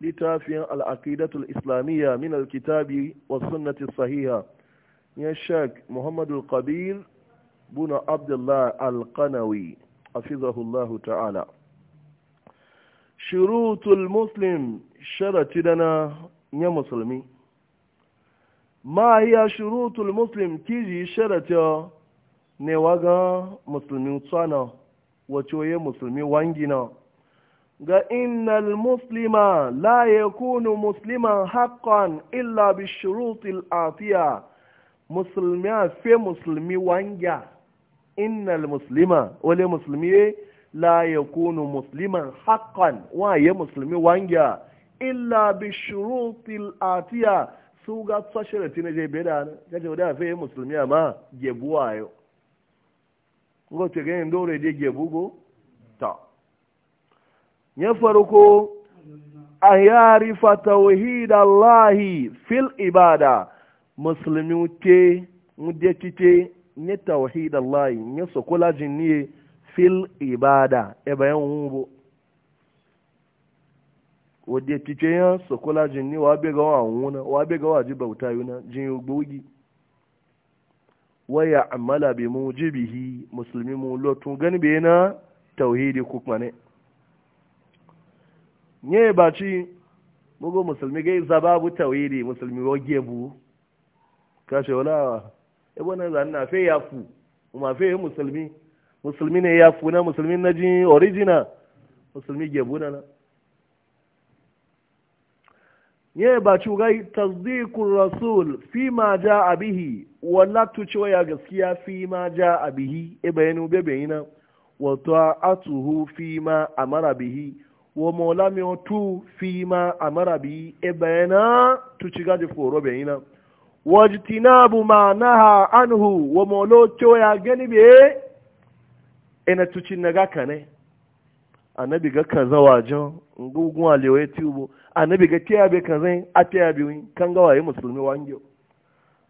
littafin al'aqidatul islamiyya min alkitabi wa sunnati sahiha ya shek muhammadu kabir buna abdullah alkanawi afizahullahu ta'ala shirutul muslim sharati dana ya musulmi ma hiya shirutul muslim kiji sharati ne waga musulmi tsana wacoye musulmi wangina ga innal muslima la yakunu musliman haqqan illa bi shurutil atiya musulmi fe musulmi wanja innal muslima wale musulmi la yakunu musliman haqqan wa ya musulmi wanga illa bi shurutil atiya su ga tsashirati na jebe da na gaje da fe musulmi ma gebuwa yo ngo te ga ndore de gebugo ta ya farko a yarifa tauhid Allahi fil ibada musulmi te mudekite ne tauhid Allahi ne sokola jinniye fil ibada e bayan wuro wadda kike yan sokola jinni wa be ga wa wuna wa be ga wa ji bauta yuna jin gbogi wa amala bi mu ji bihi musulmi mu lotun gani be na tauhidi kuma ne nye baci bugu musulmi gai zababu tawiri musulmi wage bu kashe wala ebo na zan na fe yafu ma fe musulmi musulmi ne yafu na musulmi na ji original musulmi ge bu na nye baci gai tasdiqur rasul fi ma jaa bihi wala tu ya gaskiya fi ma jaa bihi e bayanu be bayina wa ta'atuhu fi ma amara bihi wa mola mi otu fi ma amara bi e bayana tu ci gaji foro bayina wajtinabu ma naha anhu wa molo ya gani be e na tu ci ga kane annabi ga kaza wajen gugun alewa e tubo annabi ga tiya be kaza a tiya bi kan ga waye musulmi wangiyo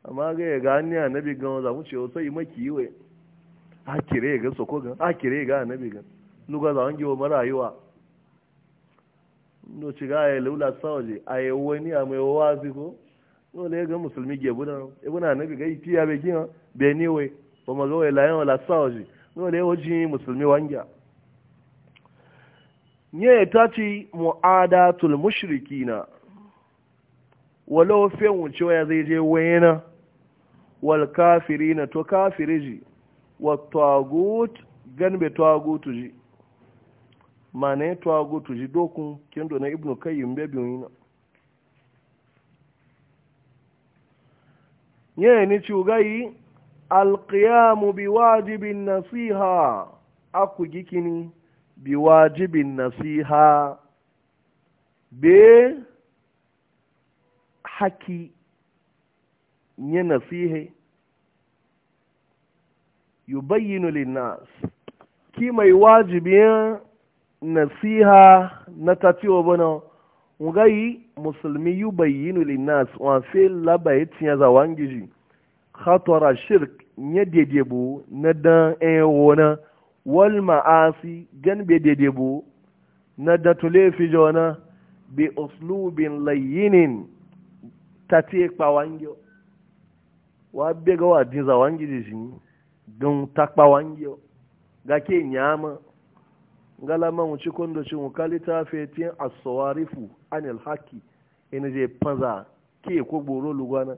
amma ga ga ni annabi ga za mu ce sai maki yiwe a kire ga soko ga a kire ga annabi ga nuga za wangiyo marayuwa no ci ga ya lula sawaje a yi wani a mai wazi ko no le ga musulmi ge buna ibuna nabi ga ipi ya be gina be ni we ko ma ga we la yan la sawaje no le waji musulmi wanja nye ta ci mu'adatul mushrikina walau fe wuce waya zai je wayena wal kafirina to kafiriji wa tagut ganbe tagutuji ji mana ya tuwa gutu ji dokun kendo na ibnu kai yin bebin yi na yẹ́ ni ci gayi alkiyamu bi wajibin nasiha aku gikini bi wajibin nasiha be haki nye nasihe yubayyinu linnas ki mai wajibiyan nasiha na tatiwa bana ngai musulmi yu bayyinu linnas wa fi labai tiya za wangiji khatara shirk nya dedebu na dan wona wal ma'asi gan be dedebu na da fi jona bi uslubin layyinin pa kpawangyo wa bega wa dinza wangiji shin don takpawangyo gake nyama galama mu ci kondo ci mu kalita fetin as-sawarifu anil haqi ina je panza ke ko gboro lugana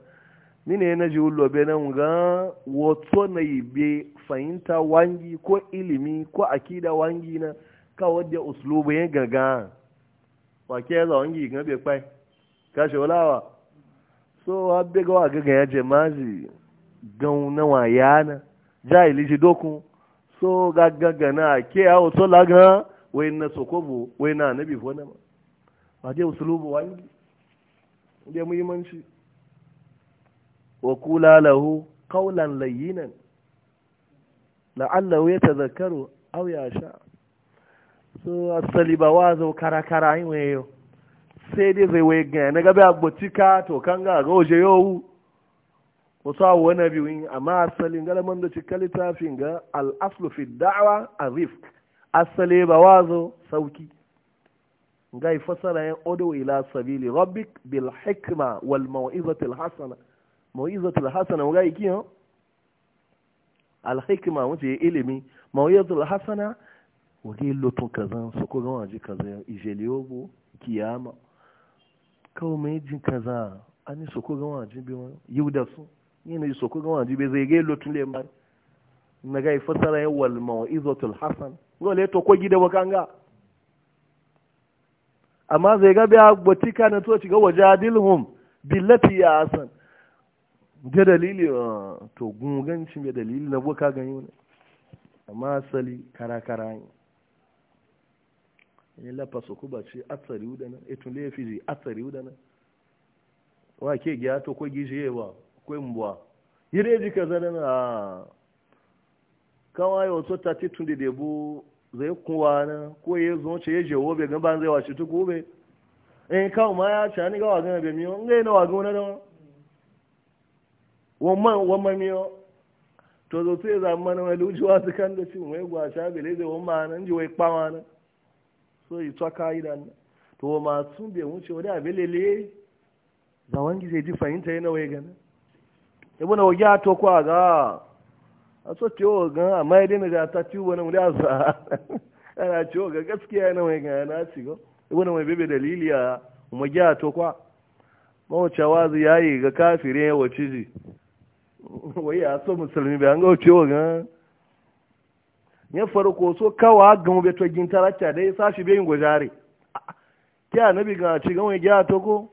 ni ne na ji ullo be nan ga wato na yibe fahimta wangi ko ilimi ko akida wangi na ka wadda uslubu yin gaga wa ke za wangi ga be pai ka she walawa so abbe ga wa gaga ya je maji gauna wa yana jahili ji dokun so gaggagana ke yawo so lagana wai na sokobo wai na nabi ko na ba je usulubu wani da muhimmanci wa kula lahu qawlan layyinan la'allahu yatadhakkaru aw sha so asali ba wa zo karakara yin wayo sai dai zai waye ga na gaba to kan ga ga oje yowu wasu abu wani biyun amma asalin galaman da cika littafin ga al'aslu fi da'awa a rifk asali ba wazo sauki ga fasara yan odo ila sabili rabbik bil hikma wal mau'izatil hasana mau'izatil hasana ga iki yo al hikma wuce ilimi mau'izatil hasana wage lotun kazan su ko gawa ji kazan ijeliyobo kiyama kawai mai jin kaza an yi su ko gawa ji biyu yau da su ni ne so ko ga wani be zai ga lotun le mbar na ga fasara ya wal mau'izatul hasan gole to ko gida kanga. amma zai ga biya botika na to shiga wajadilhum billati ya hasan da dalili ah, to gunganci mai dalili na boka gani ne amma asali kara-kara ne yin lafasa ku ba ce atsari wudanan etun laifiji atsari wudanan wa ke gya to ko gishi yawa kwemgba yiri eji kaza da na ah, kawai wato ta titun da debu zai kuwa na ko e, ya zo ce ya jewo bai gan ban zai wace tuku bai in kawo ma ya ce ni ga wa gana bai miyo in ga yana wa gana da wamman wamman miyo to zo sai zama na wani lujuwa su kan da cin wai gwasha bele zai wani ma'ana ji wai kpawa na so yi tswa ka'ida na to masu bai wuce wani abin lele zawon gizo ji fahimta yana wai gana ibu na wagi ato kwa ga a so ciwo ga a ya dina da ta ciwo wani wuri a sa ana ciwo ga gaskiya yana mai ga na go ibu na mai bebe dalili a magi ato kwa mawace wazi ya yi ga kafirin ya wace ji wai ya so musulmi bai an ga ciwo ga ya farko so kawa ga mu beto gintara ta dai sashi bai yin gojare kya anabi ga ci gan wani gya to ko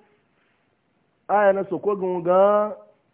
aya na so ko ga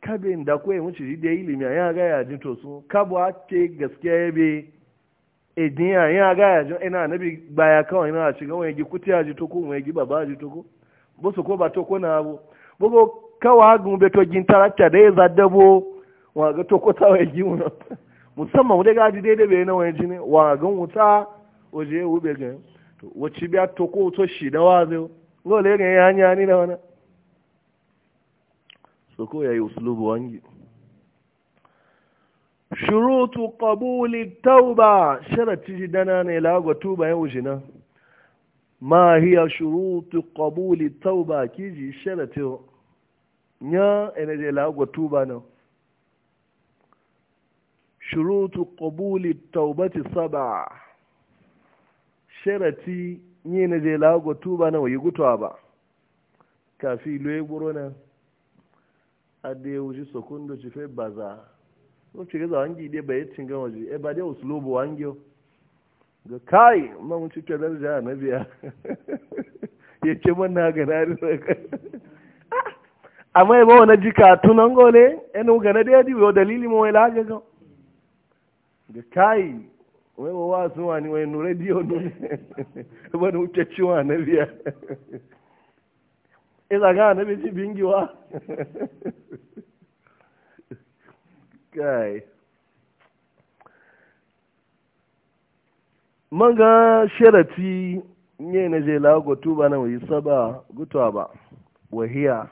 kabin da kawai mun shiri da ilimi a yana gaya jin to su kabo gaskiya ya be ediya yana gaya jin ina nabi baya kawai na shiga wani gi kuti ya ji to ko wani gi baba ji to ko bo su ko ba to ko na abu bugo kawa gun be to gin tarakta da ya zaddabo wa ga to ko tawa gi mu musamman ji daidai bai na wani jini wa wuta waje ga to wacce biya to ko to shi da wazo ga yanya ni da so ko yayi uslubu wangi shurutu qabuli tauba sharati dana ne lago tuba yau jina ma hiya shurutu qabuli tauba kiji sharati nya ene je lago tuba no shurutu qabuli taubati saba sharati nya ene je lago tuba yi yigutwa ba kafi lo na ade wuji sokundo ci fe baza ko ci gaza wangi de bai cin ga waje e ba de uslubu wangi ga kai ma mun ci tele da biya ye ce mun na ga ka amma ah! e ba ji ka tunan gole yana ga na daya e dibiyo dalili mo ila e ga ga kai wai wa wasu wani wai nure diyo nune wani wuce ciwa na biya ina ga na biji bingiwa kai manga sharati ne na je lago tuba na wai saba gutuwa ba wahiya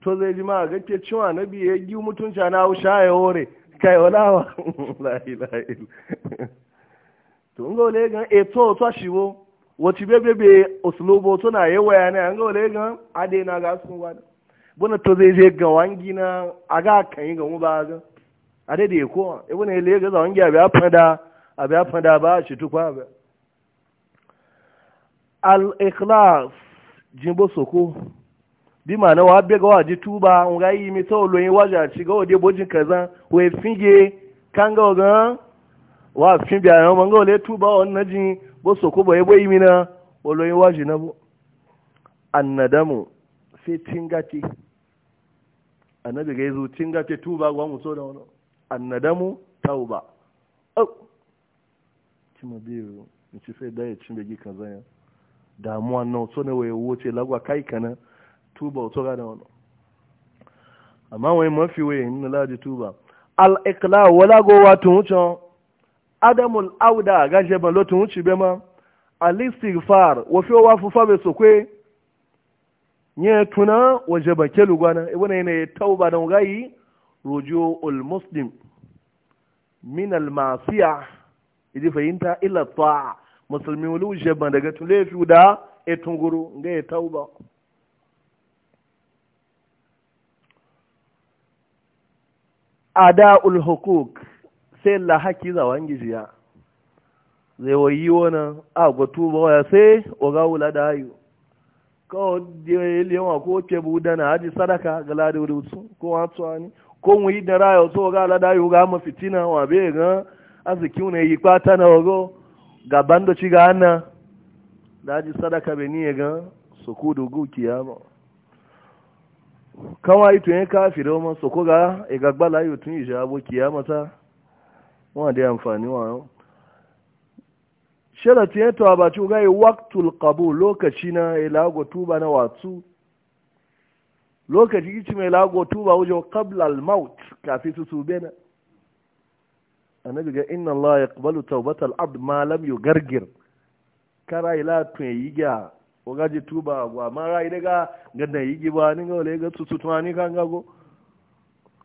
to zai ji ma ga ke cewa na biye gi mutunci na wusha ya hore kai wala wa ilaha illa to ngo le ga eto eh, to shiwo wacce bebe be oslobo suna yawa yana an ga wale gan ade na ga sun wada buna to zai je ga wangi na aga kan yi ga mu ba ga ade da ko ibn hele ga za wangi abi afada abi afada ba shi tukwa ba al ikhlas jimbo soko bi ma na wa be ga waji tuba un ga yi mi to lo yin waja ci ga ode bojin kaza we finge kan ga ga wa fin biya mo ga le tuba on na jin bo so ko bai bai mina wolo yi waji na bo annadamu sai tingati annabi ga yazo tingati tuba gwa mu so da annadamu tauba oh cima biyu in ci sai da ya cin kaza ya damuwa na so ne waye wuce lagwa kai kana tuba ga da wani amma wai mafi waye ni ladi tuba al wala go wa tun adamul auda ga jeban lotun wuce be ma alistighfar wa fi wa fufa be sokwe nye tuna wa jeba kelu gwana ibuna e yana tauba da gayi rujo ul muslim min al masiya idi e fahimta ila ta'a musulmi wulu jeba daga tule fi da etunguru ga ya e tauba ada ul hukuk sai la haki za wangi jiya zai wayi wani agwa tuba waya sai oga wula da hayu kawo yawa ko ke buda na haji sadaka ga lada wuri su ko watsuwa ni ko mu yi da rayo so ga lada hayu ga ma fitina wa be ga arziki ne yi kwata na wago ga bandoci ga ana da haji sadaka bai niye ga su ku dugu kiyama kawai tun yi kafi da wani soko ga igagbala yi tun yi jabo kiyama mata wọ́n dé àǹfààní wọn sharati ya tawa ba ci gai waqtul qabul lokaci na ilago tuba na watsu lokaci kici mai lago tuba wajen qabla al maut kafi su sube na annabi ga inna Allah yaqbalu tawbatal abd ma lam yugargir kara ila tun yiga ogaji tuba wa ma rai daga ganna yigi ba ni ga wale ga tutu tani kan gago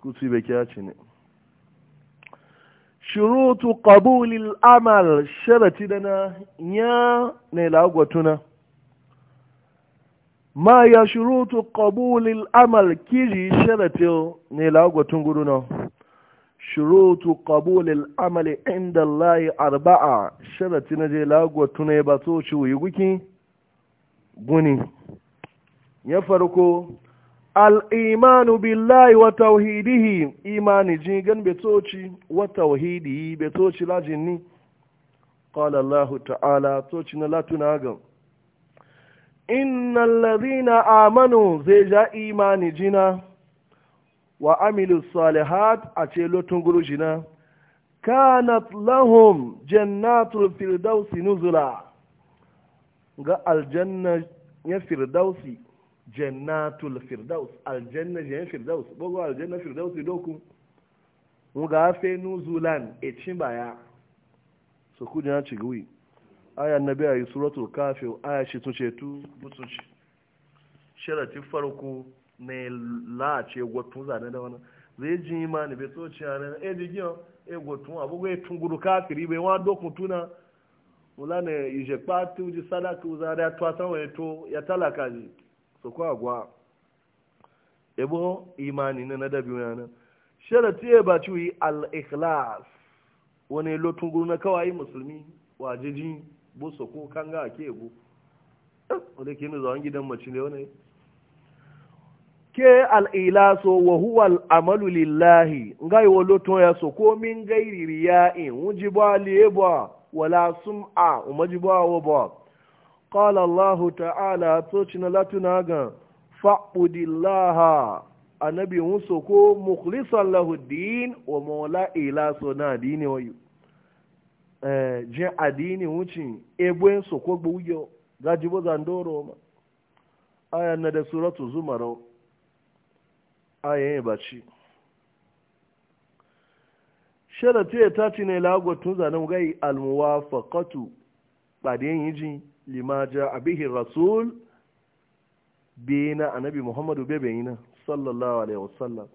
ku su be kiyaci ne shurutu qabulil amal sharati dana ya ne lagwatuna ma ya shurutu qabulil amal kiji sharati ne lagwatun guduna shurutu qabulil amal inda Allah arba'a sharati na je lagwatuna ba so shi wuyi guki guni ya farko al'imanu billahi wa tawhidihi imani jigan betoci wa tawhidi betoci lajin ni ƙwala Allah ta'ala toci na latuna gan innan na amanu zai ja imani jina wa amilu salihat a ce lotun guru jina kanat lahum jannatul firdausi nuzula ga aljanna ya firdausi jannatul firdaus aljanna jen firdaus bogo aljanna firdaus doku muga fe nuzulan e chimbaya so ku jana chigui aya nabi ayi suratul kafir aya shi tun cetu butun shi sharati farko ne la ce gwatun zane da wannan zai ji ma imani bai so ci ana e digiyo e gwatun abugo e tunguru kafiri bai wa dokun tuna mulana ije patu ji sadaka uzara to asan e to ya talaka ji su kwa gwa ebo imani na nadabi wani shara ya ba ciwi al-ikhlas wani lotun guru na kawai musulmi wajeji bu su kanga ake ebo wadda ke eh, nuna zawon gidan mace ne wani ke al'ilaso wa huwa al'amalu lillahi ngai wa lotun ya so min gairi riya'in wujiba liyeba wala sum'a umajiba wa ba qala allah ta'ala to cina latuna ga fa'budillaha annabi musu ko mukhlisan lahu din wa mawla ila sona dini wayu eh je adini wucin egbe so ko gbuyo gajibo zandoro ma aya na da suratu zumar aya ne baci sharatu ya tace ne lagotun zanen gai almuwafaqatu ba da lima ja abihi rasul bina anabi muhammadu yi na. sallallahu alaihi wasallam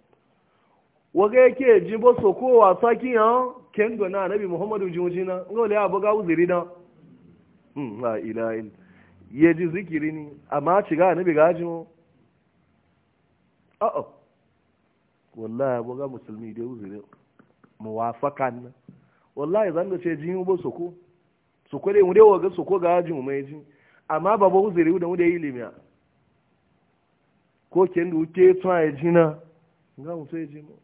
waga yake ji ba so ko wasa kiyan kendo na annabi muhammadu jujina ngole abu ga uzuri na hmm la ilaha illa ye ji zikiri ni amma ci ga anabi ga ji mo a a wallahi abu ga musulmi dai uzuri muwafakan wallahi zan da ce ji ba so ko su kwade mu dewa ga su ko ga hajji mai ji amma ba ba uzuri da mu da ilimi a ko ken du ke tun a na nga mu so ji mu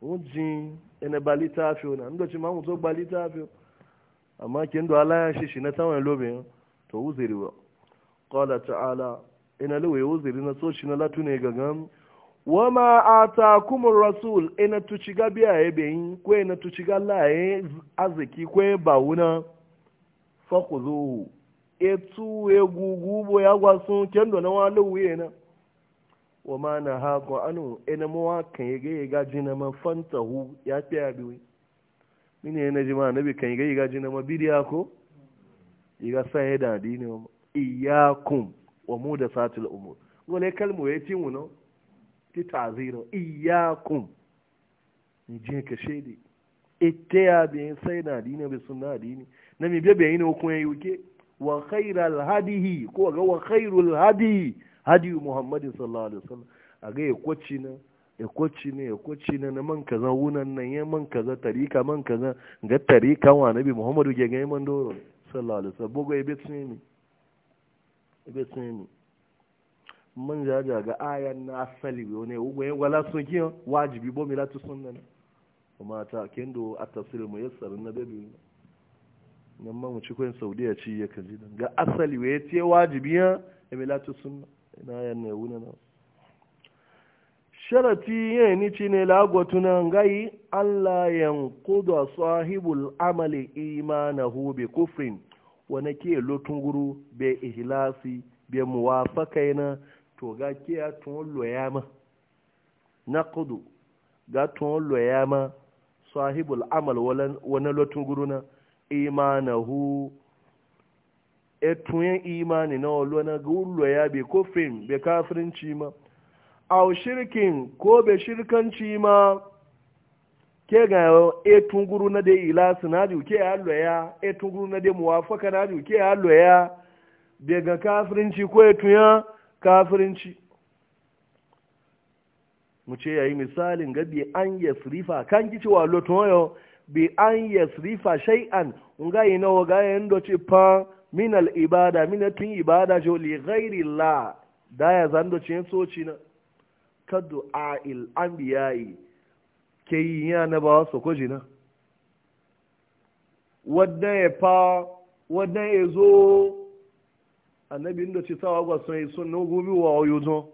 mu ji ene balita afio na ndo ci ma mu so balita afio amma ken du ala shi shi na tawon lobe to uzuri wa qala ta'ala ina lawe uzuri na so shi na latune gagam wama atakumur rasul ina tuciga biya yabeyin ko ina tuciga laye arziki ko ba wuna fakuzuhu etu egugu bo ya gwasu kendo na wani wuye yena. wa ma na ha ko anu ina mawa kan yage yaga na ma fanta hu ya fiya biwi mini yana jima nabi kan yage yaga na ma bidiya ko yaga san ya dadi ne iyakum wa mu da satil umur wale kalmu ya ci mu no ti taziro iyakum ni je ka shede ite ya bi sai na adini bi na adini na mi na yin hukun yi uke wa khairu hadihi ko ga wa khairu alhadihi hadi muhammadin sallallahu alaihi wasallam ga ya kwaci na ya kwaci na ya kwaci na na man kaza wunan nan ya man kaza tarika man kaza ga tarika wa nabi muhammadu ke ga man doro sallallahu alaihi wasallam ya bi tsini ibe tsini man jaja ga ayan na asali bi wani ugo ya wala sun kiyo wajibi bo milatu sunna na kuma ta kendo a tafsir mu yassar na bebi nan man mu cikin saudiya ci ya kaji dan ga asali we ce wajibi ya milatu sunna ina ayan ne wuna na sharati ya ni ci ne lagwatuna ngai Allah yanqudu sahibul amali imanahu bi kufrin wani ke lotun guru be ihlasi be muwafaka to ga ke a tun loya ma na kudu ga tun loya ma sahibul amal wani lotun guruna imanahu etuyen imani na olona ga loya bai kofin bai kafirinci ma au shirkin ko bai shirkanci ma ke ga etun guru na dai ila sinadu ke ya loya etun guru na dai muwafaka na ke ya loya bai ga kafirinci ko etuyen kafirinci mu ce yayi misalin ga bi an yasrifa kan gici wa lotoyo bi an yasrifa shay'an nga ina wa ga do ce fa min al ibada min tin ibada jo li ghairi la da ya zando ce ci na ka du'a il anbiya'i ke ya na ba so ko jina wadda ya fa wadda ya zo annabi inda ci sawa ga sun yi sun wa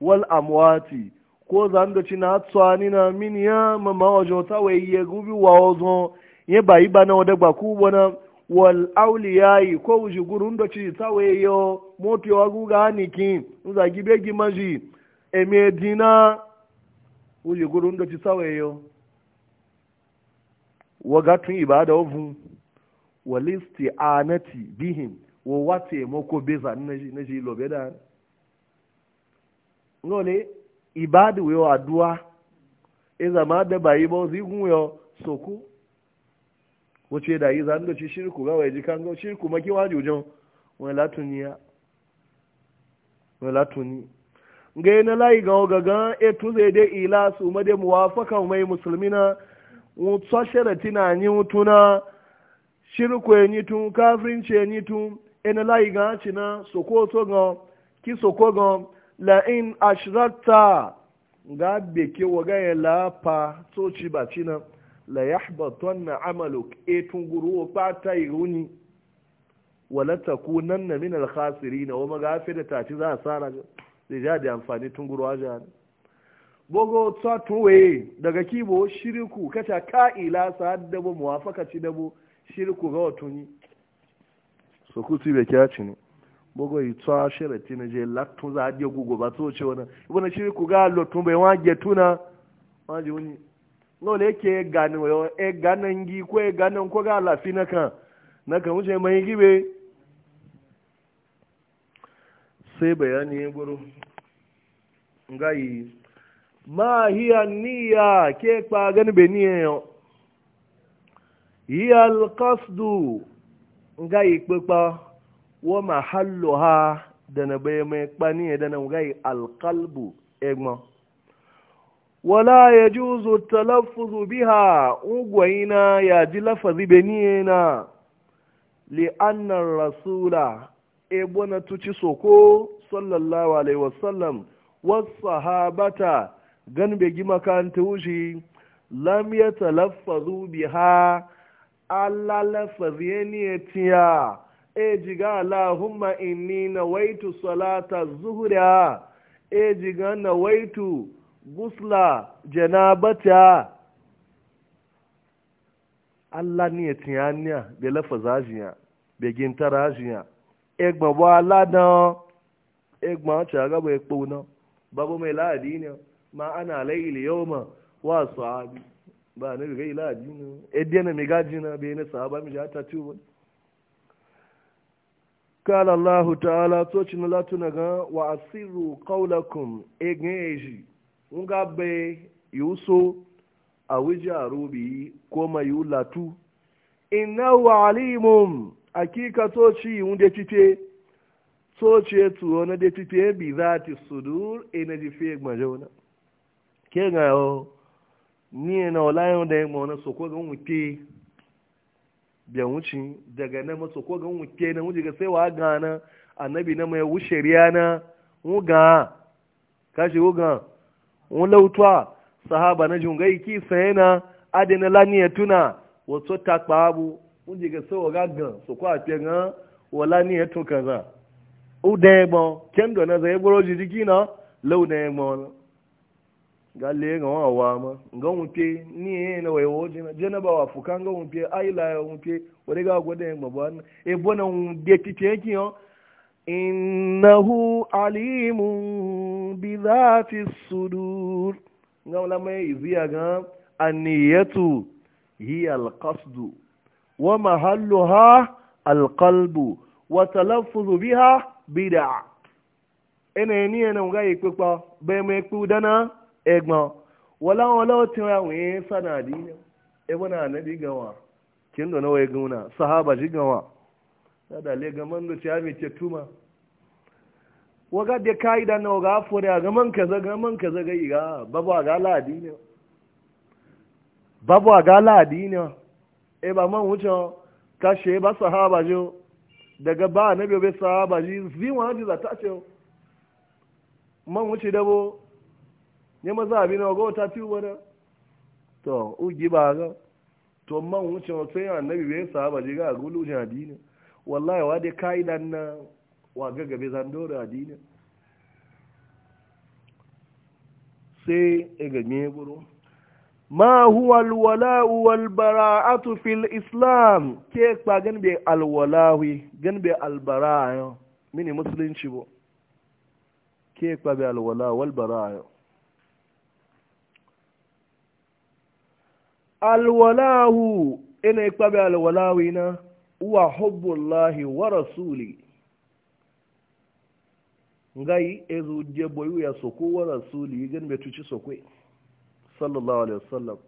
wal amwati ko zan da ci na tsani na min ya mama wajo ta wai ya gobe wa ozo ye bayi bana wada ba ku bona wal awliyai ko wuji gurun da ci ta wai yo moti wa guga aniki uza gibe gimaji emedina wuji gurun da ci ta wai wa wagatun ibada ovu bihim wo wate ko beza na ji lobe da ngole ibadu wo adua iza ma de bayi ba zi yo soku che da yi ndo chi shirku ga wai jikan ga shirku maki waju jon wani latuniya wani la tuni yi na lai ga ga e tu ze de ila su ma de muwafaka mai muslimina na wutsa sharatina ni wutuna shirku ya tun kafirin ce tun ina layi ga ci na soko to ga ki soko ga la in ashrata ga be ke wa ga ya la pa to ci ba ci na la yahbatanna amaluk e tunguru o pa ta iruni wala takunanna min al khasirin wa magafi da ta ci za a sara zai ja da amfani tunguru aja ne bogo tsatuwe daga kibo shiriku kaca ka'ila sa dabo muwafaka ci dabo ku ga watuni so kuti bai kya ci ne bogo yi tsa shirati na je latun za a je gugu ba so ce wani ibana shiri ku e e ga lotun bai wa ge tuna wa ji wani lola yake gani wa e ganan gi ko e ganan ko ga lafi na kan na kan wuce mai gibe sai bayani ya guru ngayi ma hiya niya ke kpa gani be niyya yau hiya alqasdu yi kpekpa wa mahallu ha da bai mai kpani da nga yi alkalbu egma wala ya juzu talaffuzu biha na ya ji lafazi beniyena li'annar rasula ebo na tuci soko sallallahu alaihi wasallam wasu sahabata gan begi makanta wuce lam ya talaffazu biha Allah lafazie ni ya tiya ala jiga Allahumma na waitu salata zuhra e na waitu gusla janabata Allah ni ya tiya niya be lafazajiya be gintarajiya egba wa ladan egba cha ga ba babu mai ladi ne ma ana layli yawma wa sahabi n'ala na-eji ila adi na edi ene mme gaa di na ebe e ta tu. Ka ala ala ahu ta ala tsocchi na wa asiru e e ru kawulakun eji nga be yi wusu awu iji aru ubi kwo ma yi wu latu. Ị nne wali mụ aki ka tsocchi yi ndetite tsocchi etu onadetite bidate sụdụ ene gifeghị mazi ụna ke nga. ni na olayen da ya mawana so ko ga wuke daga na maso ko ga wuke na wuce ga sai wa na annabi na mai wuce riyana wuga kashi wuga wulautwa sahaba na jungai ki sayana adina lani tuna wato ga sai wa ga ga a ga wala ni kaza ya kendo na e gale ga wa wa ma ga wunte ni e na wai e wo jina jina ba wa fukan e ga wunte ai la ya wunte wani ga gwada yin babu an e bona wunte ti ce ki yo innahu alimun bi dhati sudur ga wala mai iziya ga anniyatu hiya alqasdu wa mahalluha alqalbu wa talaffuzu biha bid'a ene ni ene ga ikpepa be me ku dana egbon wala wala ti wa we sanadi ne e bona nabi gawa kin do nawa guna sahaba ji gawa da da le gaman do ci ami ce tuma waga de kai da na waga fure ga man kaza ga man kaza ga iga babu ga ladi ne babu ga ladi ne e ba man wuce kashe ba sahaba jo daga ba nabi be sahaba ji ziwa ji za ta ce man wuce dabo ne maza abin na wata fi wani to ugi ba ga to man wuce wato yin annabi bai ba je ga gulu ne adini wallahi wa dai kaidan na wa gagabe zan dora adini sai e ga me buru ma huwa alwala'u wal bara'atu fil islam ke kpa gan be alwalawi gan be albara'a mini musulunci bo ke kpa be alwala wal bara'a alwalahu ina ikpabe alwalawi na wa hubbullahi wa rasuli ngai ezu je boyu ya soko wa rasuli gan be tuci sokwe sallallahu alaihi wasallam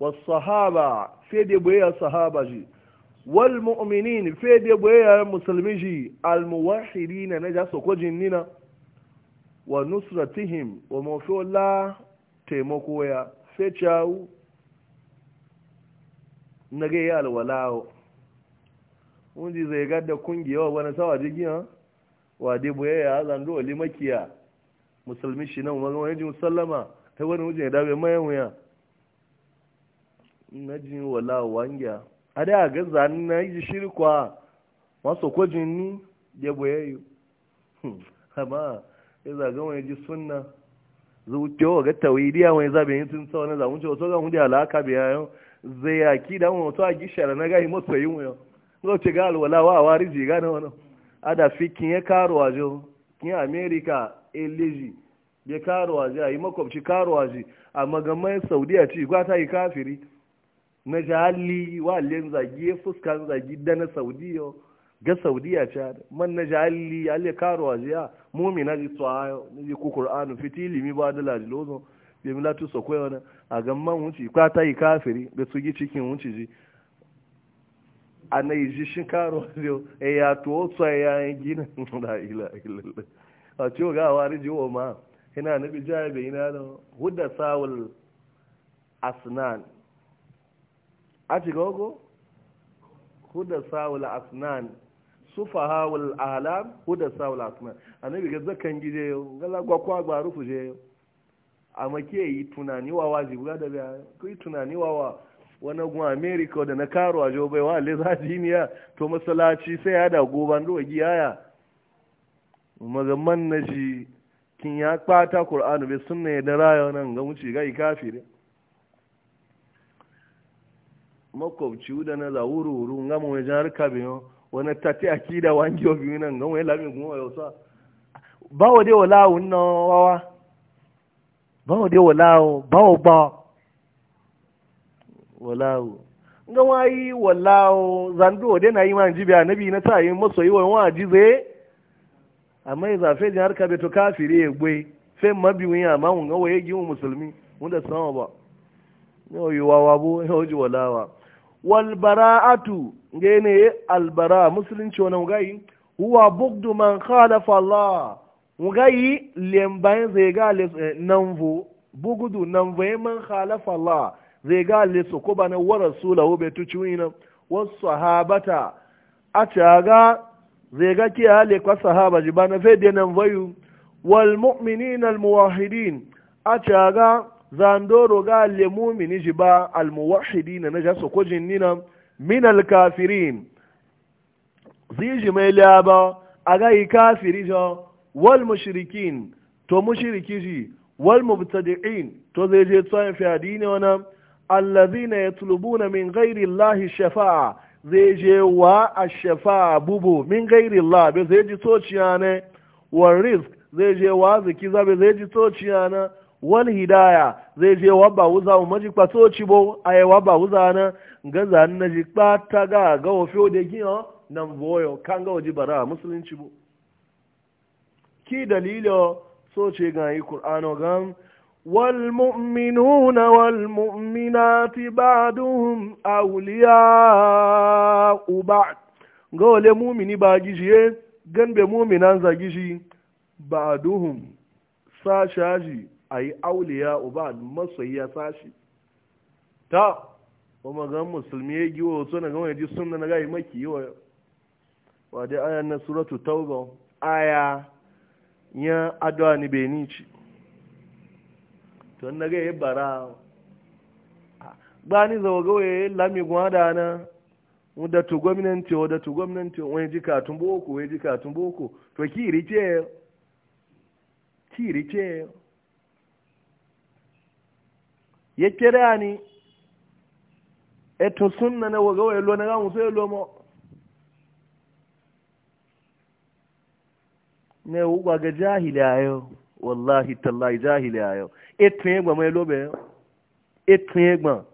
was sahaba fe de boyu ya sahaba ji wal mu'minin fe de boyu ya musulmi ji al muwahhidin na ja soko jinnina wa nusratihim wa mawfula taimako ya fe chawu na ga ya alwalawo ji zai gadda kungiya wani sawa jigiya wa dai boye ya zando wali makiya musulmi shi nan wani wani jin sallama ta wani wujin ya dabe mayan wuya na jin wala wangiya a da a gaza na yi ji shirkwa masu kwajin ni ya boye yi hmm, amma ya zaga wani ji sunna zuwa ga tawidiya wani zabe yin sun na zamunci wasu ga hundi alaka biya yau zai yaki da wani mutu a gishara na gahi masu yi mu no lokaci ga alwala wa wari ji gane wani ada fi kinye karuwa jo kinye amerika eleji ya karuwa ji a yi makwabci karuwa ji a magamai saudiya ci gwata yi kafiri na jali wa len zagi ya fuskan zagi da na saudiya ga saudiya ci man na jali ya le karuwa ji ya mumina na ji tsawa na ku kukur'anu fitili mi ba da lajilozo bai milatu sakwai wani a gamman wuce ta yi kafiri da su gi cikin wuce ji a na yi ji shi karo zai e ya tuwo su e ya yi gina e da ila ila a ciwo ga wari ji wa ma yana na bi jaya bai yana da hudda sawul asnan a ci gogo hudda sawul asnan sufaha a ahlam hudda sawul asnan annabi ga zakan gije yau ga lagwa kwa gbaru fuje yau a ke yi tunani wa wazi guda da biya ku yi tunani wa wa wani gun Amerika da na karo a jobai wa le za jiniya to masalaci sai ya da goban ruwa giyaya mazamman na shi kin ya kpata kur'anu bai sunna ya dara ya nan ga wuce ga kafire makwabci wuda na zawuru wuru nga mu ya harka biyu wani tati a kida wangiyo biyu nan ga mu ya lami kuma yau sa ba wa dai wala wunna wawa báwọ̀ dé wọláwọ báwọ̀ bá wọláwọ nga wayi wọláwọ zandu ọdẹ́ na yi ma jibi anabi na ta yi maso yi wani waji zai amma zafe jin harka bai to kafiri ya gbe wọ́n mabi wani amma wunga waye gimu musulmi wanda sama ba yau yi yau ji walawa walbara'atu ga ne albara musulunci wani gayi huwa bugdu man khalafa Allah ngayi lembayin zai ga eh, nan vo bugudu nan vo eh, man khalafa Allah zai ga le ko bana wa rasulahu be tuci na wa sahabata a ga zai ga ki hale kwa sahaba ji bana fe de nan vayu wal mu'minin al muwahhidin a ga zandoro ga le mu'mini ji ba al na jaso ko jinnina min al kafirin zai ji mai laba a ga yi kafiri jo wal mushrikin to mushriki ji wal mubtadi'in to zai je tsayin fi addini wannan allazina yatlubuna min ghairi allahi shafa'a zai je wa ash-shafa'a bubu min ghairi allah be zai ji tociya ne wal rizq zai je wa zaki zabe zai ji tociya na wal hidaya zai je wa ba wuza mu maji kwatoci bo ayi wa ba wuza na ga zan na ji kpata ga ga ofio de giyo oh, nan boyo kan ga waji bara musulunci bo ki dalilo so ce ga yi qur'ano gan wal mu'minuna wal mu'minati ba'duhum awliya u ba'd gole ba giji e gan giji ba'duhum sa shaji ay awliya u ba'd masoyya ta ko magan musulmi e giwo so na ga wani sunna na ga yi na suratu tauba aya ya adwa ni benici to na ga ya bara gbani zawo gawe lami gwada na wadda tu gwamnati wadda tu gwamnati wani ji katun boko wani ji katun boko to kiri ce, kiri ce, ya kira ni eto sunna na wagawa ya lo na ga musu ya lo mo ne ugwa ga jahili ayo wallahi tallahi jahili ayo etun egba mo elobe etun egba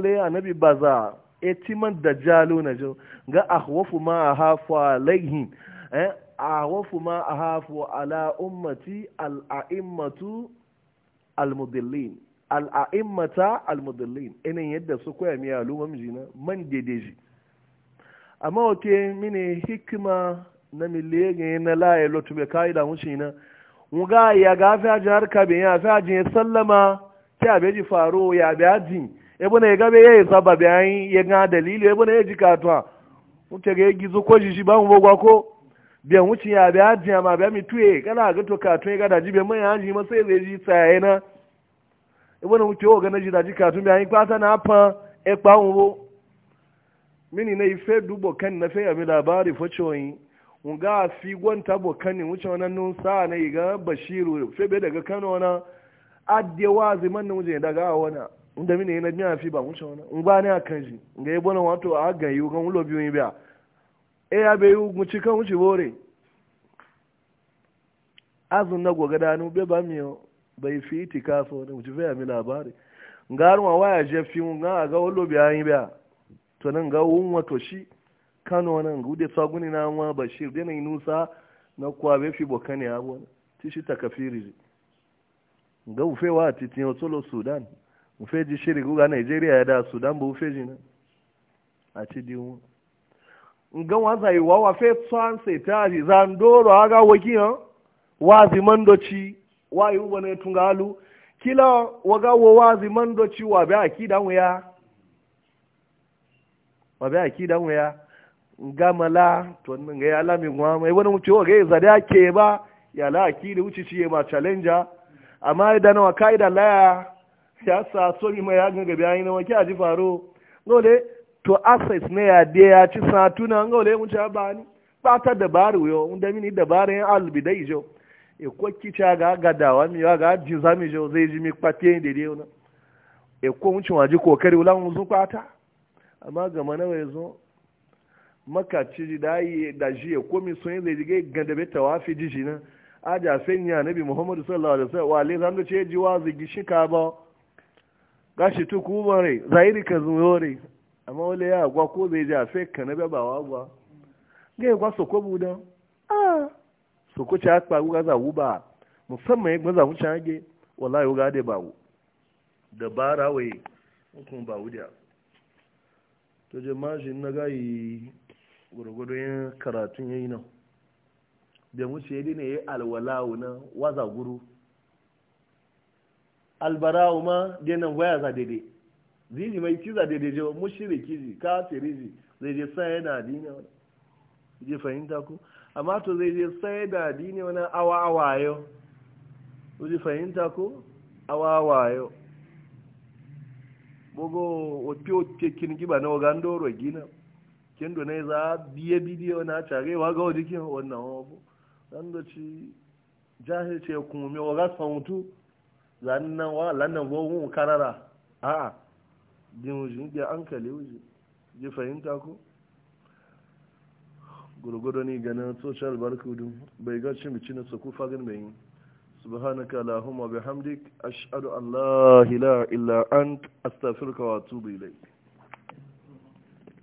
le anabi baza etiman dajjalu na jo ga akhwafu ma ahafu alaihim eh akhwafu ma ahafu ala ummati al-a'immatu al-mudillin aimmata al-mudallin inin e yadda su koya miya al'umma mijina man daidaiji amma wake mini hikima na miliyege na laye lotu be kai da mushi na muga ya ga fa jihar ka be ya fa jin sallama ta be ji faro ya be ajin e bona ya ga be ya saba be ya ga dalili e bona ya ji katwa mutu ga gizo ko ji shi ba mu gwa ko biyan wuce ya be ajin amma be mi tuye kana ga to katuwa ga da ji be mai aji ma sai zai ji tsaye na e bona wuce o ga na ji da ji katun be ayin kwata na fa e pa wo mini na ife dubo kan na fe ya mi labari fo choyin nga fi gwanta bokani wuce wannan nun sa na iga bashiru febe daga kano na adde wazi man nan wuce daga wana inda mine yana jina fi ba wuce wannan ngba ne akan ji nga yi bona wato a ga yi kan ulo yi biya e ya be yu guci kan wuce bore azun na goga danu be ba miyo bai fi itikafo ne wuce bai mi labari ngarwa waya je fi mu ga ulo biya yi biya to nan ga wun wato shi kano nan gude tsaguni na wa bashir dena inusa na kwabe fi bokani abu tishi takafiri ga ufe wa titin otolo sudan ufe ji shiri guga nigeria ya da sudan ba ufe ji na a di diwu nga waza yi wawa fe tsan se ta ji zandoro aga wakiya wazi mandoci yi ubo ne tungalu kila waga wo wazi mandoci wa be akida mu ya wa be akida mu ya gamala to nan ga ya lami gwa mai wani mutu ga za da ke ba ya la ki da wuce ciye ma challenger amma idan wa kaida laya ya sa so mi mai yaga ga bayan na wake aji faro dole to access ne ya de ya ci satuna ngole mun ta bani ba ta dabaru yo mun da mini dabarun albidai jo e ko ta ga gadawa mi ga jizami jo zai ji mi patien de de ona e ko mun ci waji kokari ulan mun zo kwata amma ga mana wai zo makaci ji da yi da shi ya komi sun yi zai jige gandabe tawafi ji shi nan a ja sen ya nabi muhammadu sallallahu alaihi wasallam wale zan ce ji wa zigi shi ka ba gashi tu ku mare zairi ka zuyore amma wale ya gwa ko zai ja fe ka nabi ba wa gwa ga gwa so ko buda ah so ko cha pa ga za ba musamman ga za mu cha ge wallahi ga de ba wu dabara wai hukun ba wuda to jama'in na yi. gurgudu yin karatun yayi nan da muce yadi ne ya alwalawu na waza guru albarawu ma denan waya za daidai zini mai kiza daidai je mushiriki ka kafiri ji zai je sai yana dina, wani je fahimta ku amma to zai je sai da addini wani awa ku ji fahimta ku awa awayo bogo o pio tekin giba na ogandoro gina kendo ne za biye bidiyo na tare wa ga wadi kin wannan wabu dan da ci jahil ce kuma me wa ga sautu lannan wa lannan go mu karara a a din wujin da an kale wuji ji fahimta ko gurgudu ni ganin social barkudu bai ga cin bici na saku fagin bai سبحانك اللهم وبحمدك أشهد أن لا إله إلا أنت wa وأتوب إليك